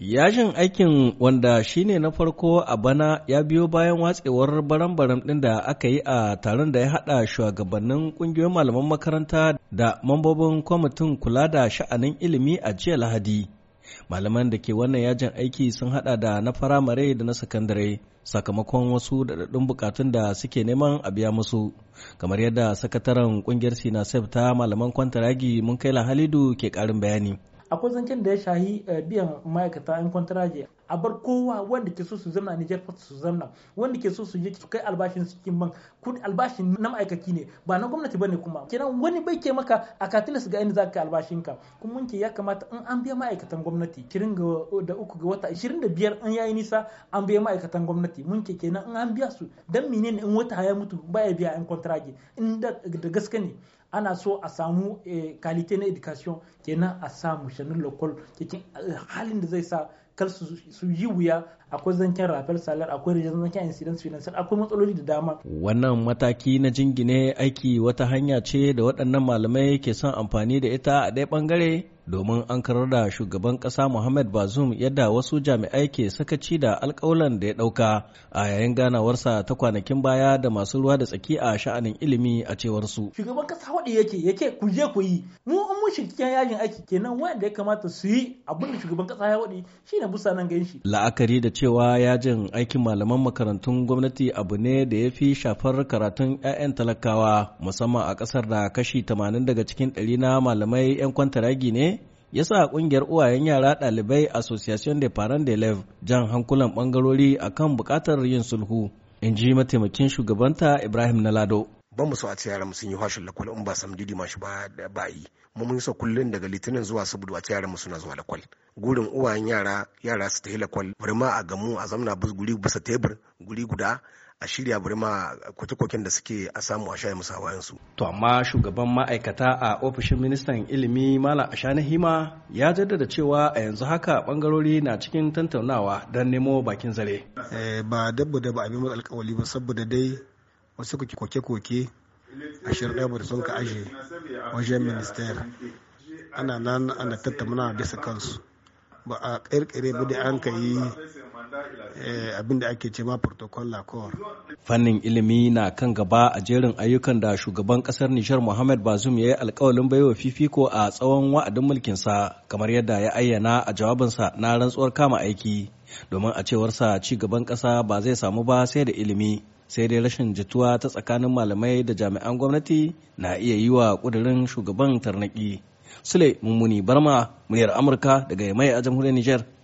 Yajin aikin wanda shine na farko a bana ya biyo bayan watsewar baram-baram ɗin da aka yi a taron da ya haɗa shugabannin ƙungiyoyin malaman makaranta da mambobin kwamitin kula da sha'anin ilimi a jiya Lahadi. Malaman da ke wannan yajin aiki sun haɗa da na firamare da na sakandare sakamakon wasu daɗaɗɗun bukatun da suke neman a biya musu. Kamar yadda sakataren ƙungiyar Sinasef ta malaman kwantaragi mun kai Halidu ke ƙarin bayani. akwai zancen da ya shahi eh, biyan ma'aikata 'yan kwantaraje a bar kowa wanda ke so su zamna Niger Post su zamna wanda ke so su je su kai albashin su cikin bank kudi albashin na ma'aikaci ne ba na gwamnati ne kuma kenan wani bai ke maka a su ga inda zaka albashin ka kuma mun ke ya kamata in an biya ma'aikatan gwamnati kirin ga da uku wata 25 in yayi nisa an biya ma'aikatan gwamnati mun ke kenan in an biya su dan menene in wata ya mutu ya biya yan kontragi in da gaske ne ana so a samu kalite eh, na education kenan a samu shanin lokal cikin eh, halin da zai sa kar su yi wuya akwai zancen rafel salar akwai rijiyar zancen incidence financial akwai matsaloli da dama wannan mataki na jingine aiki wata hanya ce da waɗannan malamai ke son amfani da ita a ɗaya ɓangare domin an karar da shugaban ƙasa Muhammad Bazoum yadda wasu jami'ai ke sakaci da alƙawalan da ya ɗauka a yayin ganawarsa ta kwanakin baya da masu ruwa da tsaki a sha'anin ilimi a cewar su. Shugaban ƙasa waɗi yake yake ku ku yi mu an shi cikin yajin aiki kenan wanda ya kamata su yi abin da shugaban ƙasa ya waɗi ne busa nan gan La'akari da cewa yajin aikin malaman makarantun gwamnati abu ne da ya fi shafar karatun 'ya'yan talakawa musamman a ƙasar da kashi 80 daga cikin ɗari na malamai 'yan kwantaragi ne ya sa kungiyar uwayen yara ɗalibai association de parents leve jan hankulan bangarori akan bukatar yin sulhu in ji mataimakin shugabanta ibrahim nalado ba mu so a ce yaran mu sun yi hashin lakwal in ba sam didi mashi ba ba yi mu mun so kullun daga litinin zuwa saboda a ce yaran mu suna zuwa lakwal gurin uwayen yara yara su tafi lakwal bari a gamu a zamna bus guri bisa tebur guri guda a shirya bari ma da suke a samu a shaye musu su. To amma shugaban ma'aikata a ofishin ministan ilimi Malam na Hima ya jaddada cewa a yanzu haka bangarori na cikin tantaunawa don nemo bakin zare. Eh, ba dabba da ba abin alkawali ba saboda dai wasu koke-koke ashirin ɗaya da sun ka aje wajen minister ana nan ana tattauna bisa kansu ba a ƙirƙire ba da an ka yi eh, abin da ake ce ma protocol lacor fannin ilimi na kan gaba a jerin ayyukan da shugaban ƙasar nishar muhammad bazum ya yi alkawalin baiwa fifiko a tsawon wa'adin mulkinsa kamar yadda ya ayyana a jawabinsa na rantsuwar kama aiki domin a cewarsa ci gaban ƙasa ba zai samu ba sai da ilimi sai dai rashin jituwa ta tsakanin malamai da jami'an gwamnati na iya yi wa kudurin shugaban tarnaki. Sule Mummuni Barma, muryar Amurka daga Yamai a jamhuriyar Nijar.